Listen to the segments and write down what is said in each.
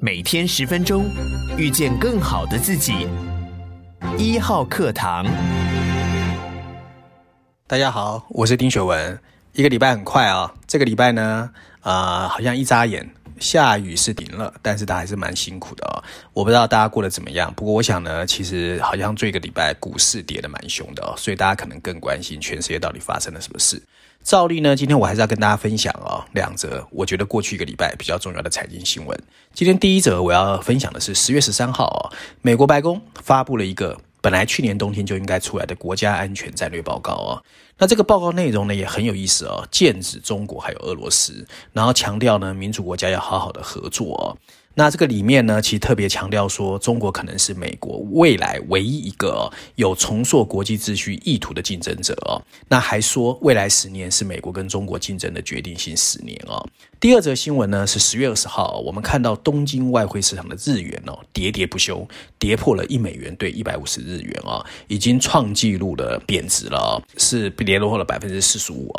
每天十分鐘，遇見更好的自己。一號課堂，大家好，我是丁學文。一個禮拜很快啊、哦，這個禮拜呢，啊、呃，好像一眨眼，下雨是停了，但是他還是蠻辛苦的哦。我不知道大家過得怎麼樣，不過我想呢，其實好像這個禮拜股市跌得蠻兇的哦，所以大家可能更關心全世界到底發生了什麼事。照例呢，今天我還是要跟大家分享哦兩則我覺得過去一個禮拜比較重要的財經新聞。今天第一則我要分享的是十月十三號哦，美國白宮發布了一個本來去年冬天就應該出來的國家安全戰略報告哦，那這個報告內容呢，也很有意思哦，劍指中國還有俄羅斯，然後強調呢，民主國家要好好的合作哦。那這個裡面呢，其實特別強調說，中國可能是美國未來唯一一個、哦、有重塑國際秩序意圖的競爭者哦。那還說，未來十年是美國跟中國競爭的決定性十年哦。第二則新聞呢，是十月二十號，我們看到東京外匯市場的日元哦，跌跌不休，跌破了一美元兌一百五十日元哦，已經創紀錄的貶值了啊、哦，是跌落後了百分之四十五。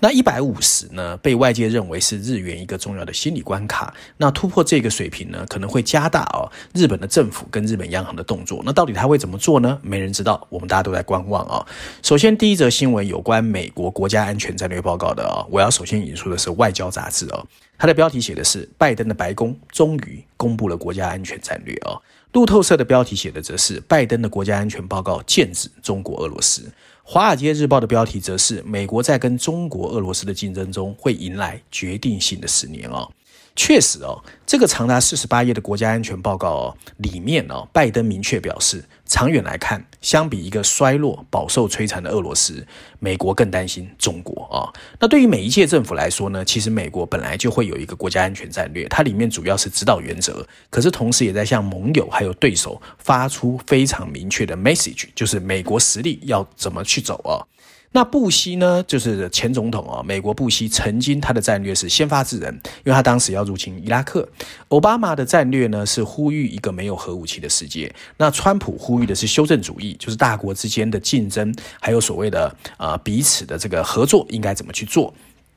那一百五十呢，被外界認為是日元一個重要的心理關卡。那突破這個水平呢，可能會加大哦日本的政府跟日本央行的動作。那到底他會怎麼做呢？沒人知道，我們大家都在觀望啊、哦。首先，第一則新聞有關美國國家安全戰略報告的啊、哦，我要首先引述的是《外交雜誌》哦啊。它的標題寫的是拜登的白宮終於公布了國家安全戰略哦，路透社的標題寫的則是拜登的國家安全報告劍指中國、俄羅斯。華爾街日報的標題則是美國在跟中國、俄羅斯的競爭中會迎來決定性的十年哦。確實哦，這個長達四十八頁的國家安全報告哦，裡面哦，拜登明確表示，長遠來看，相比一個衰落、飽受摧殘的俄羅斯，美國更擔心中國啊。那對於每一屆政府來說呢，其實美國本來就會有一個國家安全戰略，它裡面主要是指導原則，可是同時也在向盟友還有對手發出非常明確的 message，就是美國實力要怎麼去走啊。那布希呢，就是前總統啊，美國布希曾經他的戰略是先發制人，因為他當時要入侵伊拉克。奧巴馬的戰略呢，是呼籲一個沒有核武器的世界。那川普呼籲的是修正主義，就是大國之間的競爭，還有所謂的呃彼此的這個合作應該怎麼去做。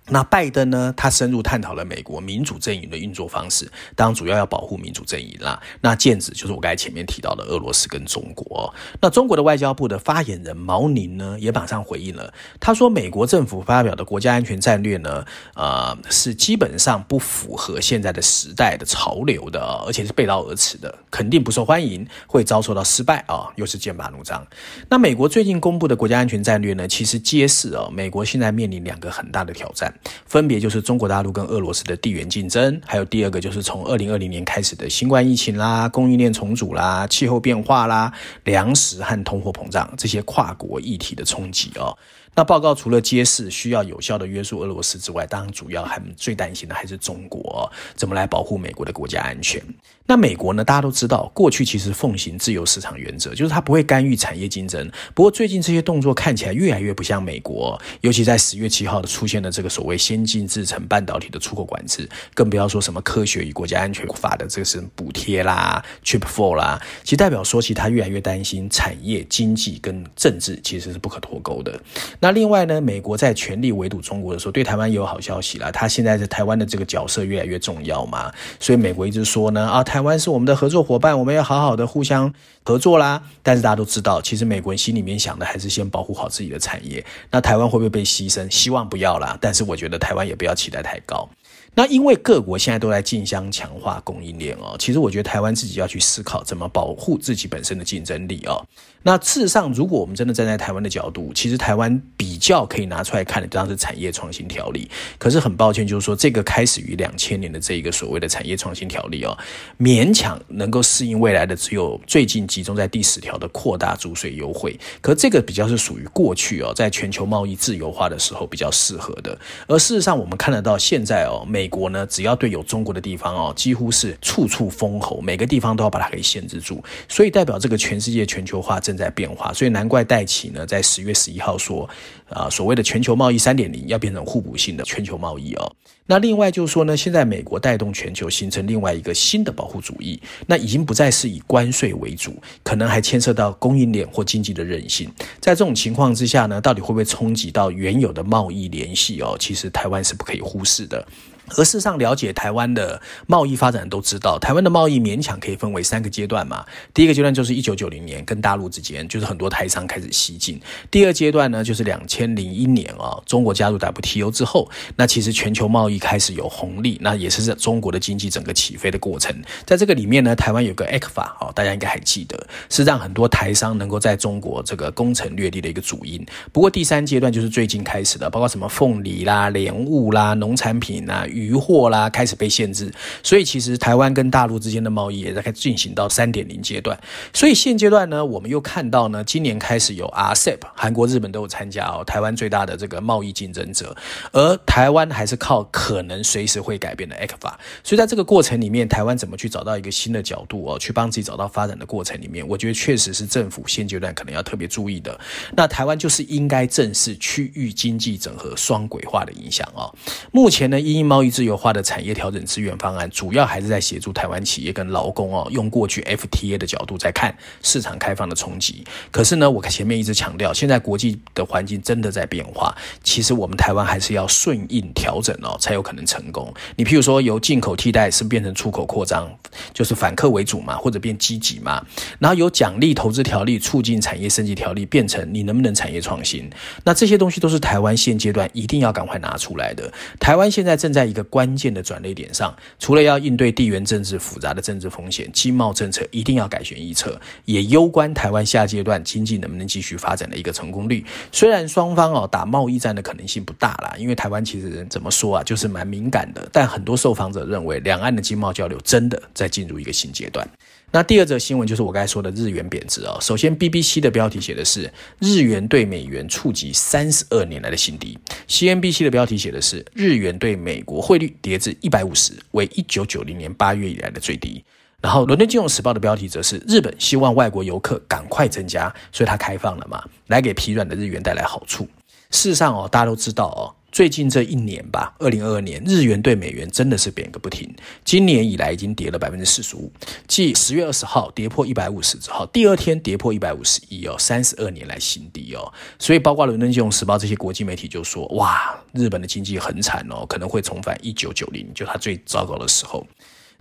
那拜登呢？他深入探討了美國民主陣營的運作方式，當然主要要保護民主陣營啦。那劍指就是我剛才前面提到的俄羅斯跟中國。那中國的外交部的發言人毛寧呢，也馬上回應了，他說：“美國政府發表的國家安全戰略呢，呃，是基本上不符合現在的時代的潮流的，而且是背道而馳的，肯定不受歡迎，會遭受到失敗啊、哦！”又是劍拔弩張。那美國最近公布的國家安全戰略呢，其實揭示哦，美國現在面臨兩個很大的挑戰。分別就是中國大陸跟俄羅斯的地緣競爭，還有第二個就是從二零二零年開始的新冠疫情啦、供應鏈重組啦、氣候變化啦、糧食和通貨膨脹這些跨國議題的衝擊哦。那報告除了揭示需要有效的約束俄羅斯之外，當然主要還最擔心的還是中國怎麼來保護美國的國家安全。那美國呢？大家都知道，過去其實奉行自由市場原則，就是它不會干預產業競爭。不過最近這些動作看起來越來越不像美國，尤其在十月七號出現的這個所謂先進製程半導體的出口管制，更不要說什麼科學與國家安全法的這個是補貼啦、chip four 啦，其實代表說，其實它越來越擔心產業經濟跟政治其實是不可脫鈎的。那另外呢，美國在全力圍堵中國的時候，對台灣也有好消息啦。他現在在台灣的這個角色越來越重要嘛，所以美國一直說呢，啊，台灣是我們的合作夥伴，我們要好好的互相合作啦。但是大家都知道，其實美國人心裡面想的還是先保護好自己的產業。那台灣會不會被犧牲？希望不要啦。但是我覺得台灣也不要期待太高。那因為各國現在都在競相強化供應鏈哦，其實我覺得台灣自己要去思考怎麼保護自己本身的競爭力哦、喔。那事實上，如果我們真的站在台灣的角度，其實台灣比。比較可以拿出來看的，就是產業創新條例。可是很抱歉，就是說這個開始於兩千年的這一個所謂的產業創新條例哦，勉強能夠適應未來的只有最近集中在第十條的擴大租稅優惠。可這個比較是屬於過去哦，在全球貿易自由化的時候比較適合的。而事實上，我們看得到現在哦，美國呢，只要對有中國的地方哦，幾乎是處處封喉，每個地方都要把它給限制住。所以代表這個全世界全球化正在變化。所以難怪戴琪呢，在十月十一號說。啊，所謂的全球貿易三點零要變成互補性的全球貿易哦。那另外就是說呢，現在美國帶動全球形成另外一個新的保護主義，那已經不再是以關稅為主，可能還牽涉到供應鏈或經濟的韌性。在這種情況之下呢，到底會不會衝擊到原有的貿易聯繫哦？其實台灣是不可以忽視的。而事實上，了解台灣的貿易發展都知道，台灣的貿易勉強可以分為三個階段嘛。第一個階段就是一九九零年跟大陸之間，就是很多台商開始西進。第二階段呢，就是兩千零一年啊、喔，中國加入 WTO 之後，那其實全球貿易開始有紅利，那也是在中國的經濟整個起飛的過程。在這個裡面呢，台灣有個 ECFA、喔、大家應該還記得，是讓很多台商能夠在中國這個攻城略地的一個主因。不過第三階段就是最近開始的，包括什麼鳳梨啦、蓮霧啦、農產品啦、啊。漁獲啦開始被限制，所以其實台灣跟大陸之間的貿易也在進行到三點零階段。所以現階段呢，我們又看到呢，今年開始有 RCEP，韓國、日本都有參加哦、喔。台灣最大的這個貿易競爭者，而台灣還是靠可能隨時會改變的 ECFA。所以在這個過程裡面，台灣怎麼去找到一個新的角度哦、喔，去幫自己找到發展的過程裡面，我覺得確實是政府現階段可能要特別注意的。那台灣就是應該正視區域經濟整合雙軌化的影響哦、喔。目前呢，因貿自由化的產業調整支援方案，主要還是在協助台灣企業跟勞工哦，用過去 FTA 的角度在看市場開放的衝擊。可是呢，我前面一直強調，現在國際的環境真的在變化，其實我們台灣還是要順應調整哦，才有可能成功。你譬如說，由進口替代是變成出口擴張，就是反客為主嘛，或者變積極嘛。然後由獎勵投資條例、促進產業升級條例變成你能不能產業創新，那這些東西都是台灣現階段一定要趕快拿出來的。台灣現在正在一個關鍵的轉捩點上，除了要應對地緣政治複雜的政治風險，經貿政策一定要改弦易轍，也攸關台灣下階段經濟能不能繼續發展的一個成功率。雖然雙方啊、哦、打貿易戰的可能性不大啦，因為台灣其實人怎麼說啊，就是蠻敏感的。但很多受訪者認為，兩岸的經貿交流真的在進入一個新階段。那第二則新聞就是我剛才說的日元貶值哦，首先，BBC 的標題寫的是日元對美元觸及三十二年來的新低；CNBC 的標題寫的是日元對美國匯率跌至一百五十，為一九九零年八月以來的最低。然後，倫敦金融時報的標題則是日本希望外國遊客趕快增加，所以它開放了嘛，來給疲軟的日元帶來好處。事實上哦，大家都知道哦。最近這一年吧，二零二二年，日元對美元真的是貶個不停。今年以來已經跌了百分之四十五，繼十月二十號跌破一百五十之後，第二天跌破一百五十一哦，三十二年來新低哦。所以包括《倫敦金融時報》這些國際媒體就說：“哇，日本的經濟很慘哦，可能會重返一九九零，就它最糟糕的時候。”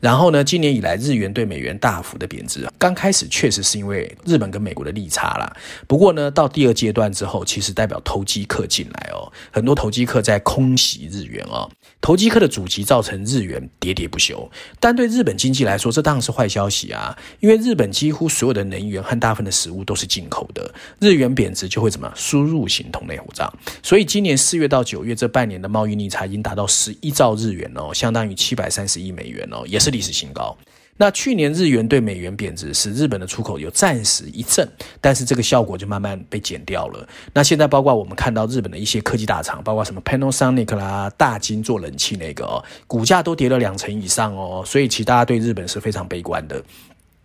然後呢，今年以來，日元對美元大幅的貶值啊。剛開始確實是因為日本跟美國的利差啦，不過呢，到第二階段之後，其實代表投機客進來哦，很多投機客在空襲日元哦。投機客的狙擊造成日元跌跌不休，但對日本經濟來說，這當然是壞消息啊！因為日本幾乎所有的能源和大部分的食物都是進口的，日元貶值就會怎麼？輸入型通貨膨脹，所以今年四月到九月這半年的貿易逆差已經達到十一兆日元哦，相當於七百三十億美元哦，也是歷史新高。那去年日元對美元貶值，使日本的出口有暫時一振，但是這個效果就慢慢被減掉了。那現在包括我們看到日本的一些科技大廠，包括什麼 Panasonic 啦、大金做冷氣那個哦，股價都跌了兩成以上哦，所以其實大家對日本是非常悲觀的。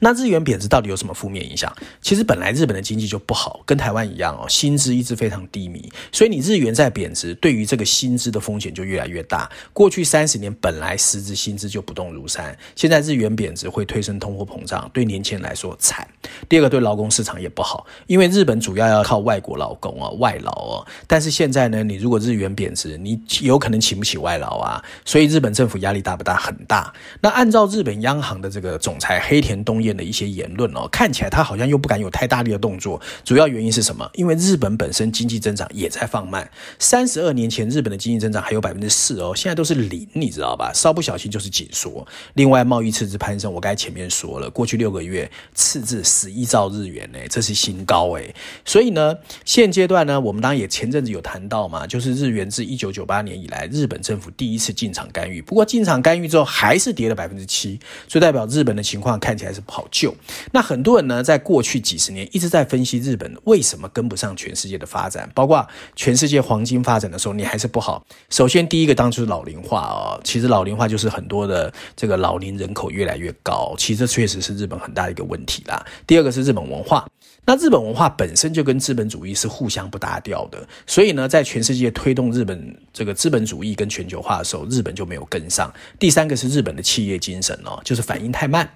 那日元貶值到底有什麼負面影響？其實本來日本的經濟就不好，跟台灣一樣哦，薪資一直非常低迷，所以你日元在貶值，對於這個薪資的風險就越來越大。過去三十年本來實質薪資就不動如山，現在日元貶值會推升通貨膨脹，對年輕人來說慘。第二個，對勞工市場也不好，因為日本主要要靠外國勞工哦，外勞哦。但是現在呢，你如果日元貶值，你有可能請不起外勞啊，所以日本政府壓力大不大？很大。那按照日本央行的這個總裁黑田東彥。的一些言論哦，看起來他好像又不敢有太大力的動作，主要原因是什麼？因為日本本身經濟增長也在放慢。三十二年前，日本的經濟增長還有百分之四哦，現在都是零，你知道吧？稍不小心就是緊縮。另外，貿易赤字攀升，我剛才前面說了，過去六個月赤字十一兆日元呢。欸，這是新高哎。欸。所以呢，現階段呢，我們當然也前陣子有談到嘛，就是日元自一九九八年以來，日本政府第一次進場干預，不過進場干預之後還是跌了百分之七，所以代表日本的情況看起來是不好。老舊。那很多人呢，在過去幾十年一直在分析日本為什麼跟不上全世界的發展，包括全世界黃金發展的時候，你還是不好。首先，第一個，當初是老齡化哦，其實老齡化就是很多的這個老齡人口越來越高，其實這確實是日本很大的一個問題啦。第二個是日本文化，那日本文化本身就跟資本主義是互相不搭調的，所以呢，在全世界推動日本這個資本主義跟全球化的時候，日本就沒有跟上。第三個是日本的企業精神哦，就是反應太慢。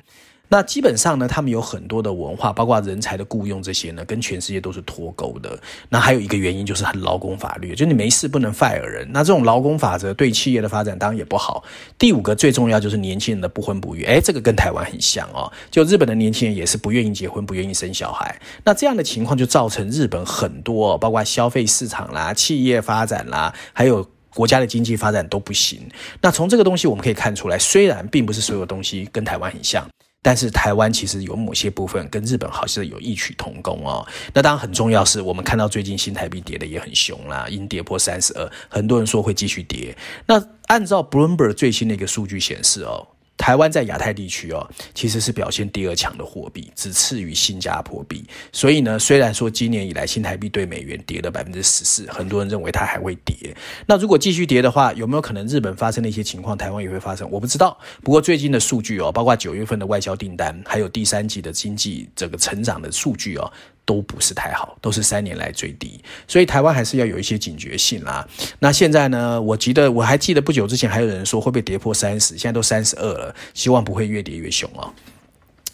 那基本上呢，他們有很多的文化，包括人才的僱傭這些呢，跟全世界都是脫鈎的。那還有一個原因就是他的勞工法律，就你沒事不能 fire 人。那這種勞工法則對企業的發展當然也不好。第五個最重要就是年輕人的不婚不育，哎，這個跟台灣很像哦。就日本的年輕人也是不願意結婚，不願意生小孩。那這樣的情況就造成日本很多，包括消費市場啦、企業發展啦，還有國家的經濟發展都不行。那從這個東西我們可以看出來，雖然並不是所有東西跟台灣很像。但是台灣其實有某些部分跟日本好像有異曲同工哦。那當然很重要是我們看到最近新台幣跌的也很凶啦，已經跌破三十二，很多人說會繼續跌。那按照 Bloomberg 最新的一個數據顯示哦。台灣在亞太地區哦，其實是表現第二強的貨幣，只次於新加坡幣。所以呢，雖然說今年以來新台幣兌美元跌了百分之十四，很多人認為它還會跌。那如果繼續跌的話，有沒有可能日本發生的一些情況，台灣也會發生？我不知道。不過最近的數據哦，包括九月份的外銷訂單，還有第三季的經濟整個成長的數據哦。都不是太好，都是三年來最低，所以台灣還是要有一些警覺性啦。那現在呢？我記得我還記得不久之前還有人說會不會跌破三十，現在都三十二了，希望不會越跌越凶啊、哦。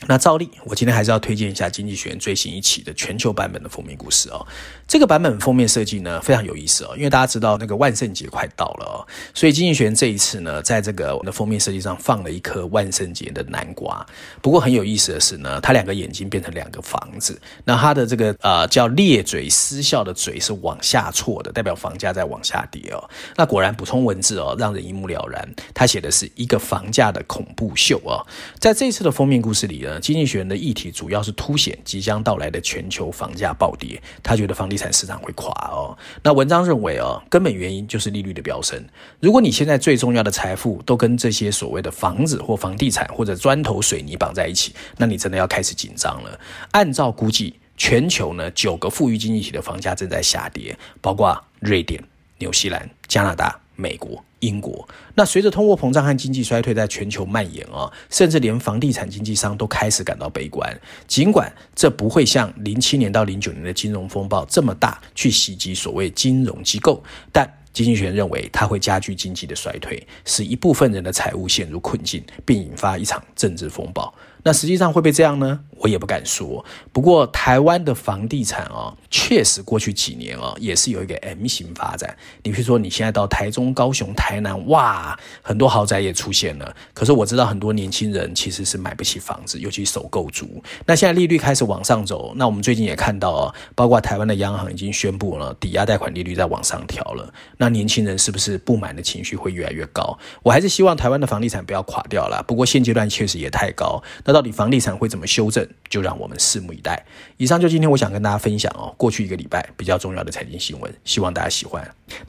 那照例，我今天還是要推薦一下《經濟學人》最新一期的全球版本的封面故事哦，這個版本封面設計呢非常有意思哦，因為大家知道那個萬聖節快到了哦，所以《經濟學人》這一次呢，在這個我們的封面設計上放了一顆萬聖節的南瓜。不過很有意思的是呢，它兩個眼睛變成兩個房子，那它的這個呃叫咧嘴失笑的嘴是往下挫的，代表房價在往下跌哦。那果然補充文字哦，讓人一目了然。他寫的是一個房價的恐怖秀哦，在這一次的封面故事裡呢。呃，經濟學人的議題主要是凸顯即將到來的全球房價暴跌，他覺得房地產市場會垮哦。那文章認為哦，根本原因就是利率的飆升。如果你現在最重要的財富都跟這些所謂的房子或房地產或者磚頭水泥綁在一起，那你真的要開始緊張了。按照估計，全球呢九個富裕經濟體的房價正在下跌，包括瑞典、紐西蘭、加拿大。美國、英國，那隨着通貨膨脹和經濟衰退在全球蔓延啊、哦，甚至連房地產經紀商都開始感到悲觀。儘管這不會像零七年到零九年的金融風暴這麼大去襲擊所謂金融機構，但經濟學認為它會加劇經濟的衰退，使一部分人的財務陷入困境，並引發一場政治風暴。那實際上會不會這樣呢？我也不敢說，不過台灣的房地產啊、哦，確實過去幾年啊、哦，也是有一個 M 型發展。你譬如說，你現在到台中、高雄、台南，哇，很多豪宅也出現了。可是我知道很多年輕人其實是買不起房子，尤其首購族。那現在利率開始往上走，那我們最近也看到啊、哦，包括台灣的央行已經宣布了，抵押貸款利率在往上調了。那年輕人是不是不滿的情緒會越來越高？我還是希望台灣的房地產不要垮掉了。不過現階段確實也太高。那到底房地產會怎麼修正？就讓我們拭目以待。以上就今天我想跟大家分享哦，過去一個禮拜比較重要的財經新聞，希望大家喜歡。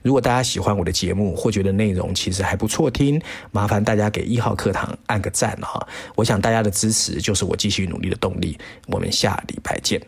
如果大家喜歡我的節目，或覺得內容其實還不錯聽，麻煩大家給一號課堂按個讚哈、哦。我想大家的支持就是我繼續努力的動力。我們下禮拜見。